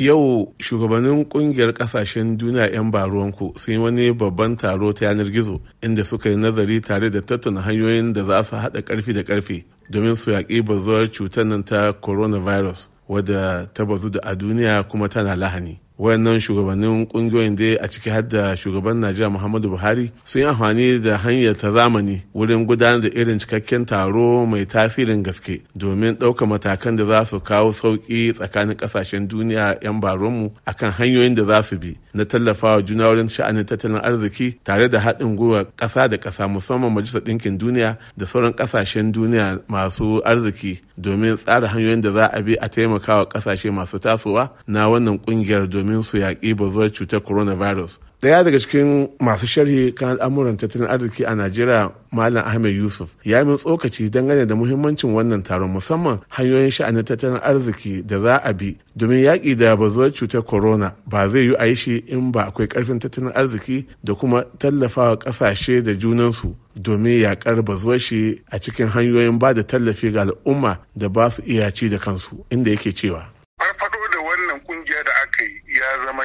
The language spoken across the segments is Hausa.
yau shugabannin kungiyar kasashen duniya 'yan baruwanku sun yi wani babban taro ta yanar gizo inda suka yi nazari tare da tattauna hanyoyin da za su haɗa ƙarfi da ƙarfi, domin su yaƙi bazuwar cutar nan ta coronavirus wadda ta bazu da a duniya kuma tana lahani wayannan shugabannin kungiyoyin dai a ciki har da shugaban najeriya muhammadu buhari sun yi amfani da hanyar ta zamani wurin gudanar da irin cikakken taro mai tasirin gaske domin ɗaukar matakan da za su kawo sauƙi tsakanin ƙasashen duniya 'yan baron baronmu akan hanyoyin da za su bi na tallafawa juna wurin sha'anin tattalin arziki tare da haɗin gwiwa ƙasa da ƙasa musamman majalisar ɗinkin duniya da sauran ƙasashen duniya masu arziki domin tsara hanyoyin da za a bi a taimakawa ƙasashe masu tasowa na wannan ƙungiyar domin domin su yaƙi bazuwar cutar coronavirus. Daya daga cikin masu sharhi kan al'amuran tattalin arziki a Najeriya Malam Ahmed Yusuf ya min tsokaci dangane da muhimmancin wannan taron musamman hanyoyin sha'anin tattalin arziki da za a bi domin yaƙi da bazuwar cutar corona ba zai yi a shi in ba akwai ƙarfin tattalin arziki da kuma tallafawa ƙasashe da junansu domin yaƙar bazuwar shi a cikin hanyoyin ba da tallafi ga al'umma da ba su iya ci da kansu inda yake cewa.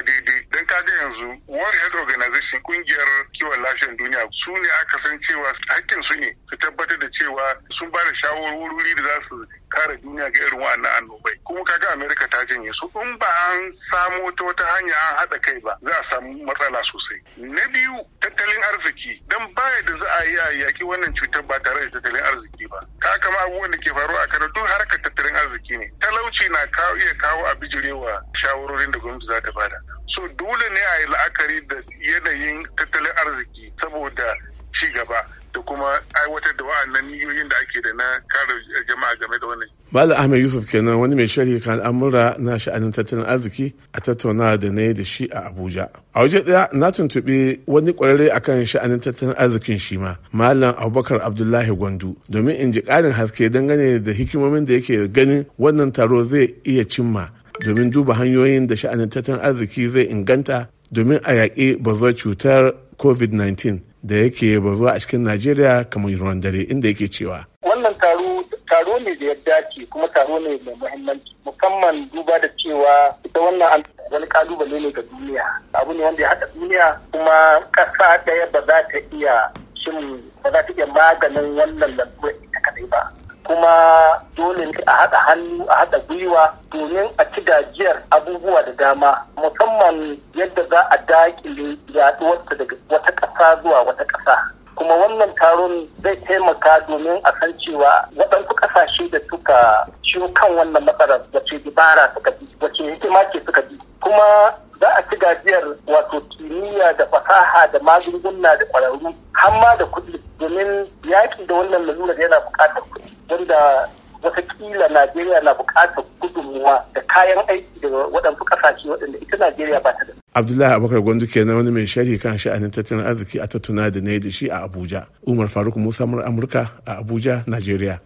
daidai don kaga yanzu World Health Organization kungiyar kiwon lafiyar duniya su ne aka san cewa hakkin su ne su tabbatar da cewa sun ba da shawarwari da za su kare duniya ga irin wa'annan annobai kuma kaga America ta janye su in ba an samo ta wata hanya an haɗa kai ba za a samu matsala sosai na biyu tattalin arziki don baya da za a yi a yaki wannan cutar ba tare da tattalin arziki ba ka kama abubuwan da ke faruwa a kano duk harkar tattalin arziki ne talauci na iya kawo a bijirewa shawarorin da gwamnati za ta bada so dole ne a yi la'akari da yanayin tattalin arziki saboda ci gaba da kuma aiwatar da wa'annan niyoyin da ake da na kare jama'a game da wannan. Bala Ahmed Yusuf kenan wani mai sharhi kan al'amura na sha'anin tattalin arziki a tattauna da na da shi a Abuja. A waje ɗaya na tuntuɓi wani ƙwararre akan sha'anin tattalin arzikin shi ma, Malam Abubakar Abdullahi Gwandu, domin in ji ƙarin haske dangane da hikimomin da yake ganin wannan taro zai iya cimma domin duba hanyoyin da sha'anin tattalin arziki zai inganta domin a yaƙi bazuwar cutar covid-19 da yake bazuwa a cikin najeriya kamar ruwan dare inda yake cewa wannan taro taro ne da ya dace kuma taro ne mai muhimmanci musamman duba da cewa ita wannan an wani kalubale ne ga duniya abu ne wanda ya haɗa duniya kuma ƙasa ɗaya ba za ta iya shin ba za ta iya maganin wannan lalura ita kadai ba kuma dole ne a haɗa hannu a haɗa gwiwa domin a ci gajiyar abubuwa da dama musamman yadda za a daƙile yaɗuwarta daga wata ƙasa zuwa wata ƙasa kuma wannan taron zai taimaka domin a san cewa waɗansu ƙasashe da suka ciwo kan wannan matsalar wace dubara suka bi wace hikima ke suka bi kuma za a ci gajiyar wato kimiyya da fasaha da magunguna da ƙwararru har da kuɗi domin yaƙi da wannan lalurar yana buƙatar kuɗi wanda watakila Najeriya na bukatar gudunmuwa da kayan aiki daga waɗansu ƙasashe waɗanda ita Najeriya ba ta da. Abdullahi Abubakar Gwandu kenan wani mai sharhi kan sha'anin tattalin arziki a tattuna da na yi da shi a Abuja. Umar Faruk Musa Amurka a Abuja, Najeriya.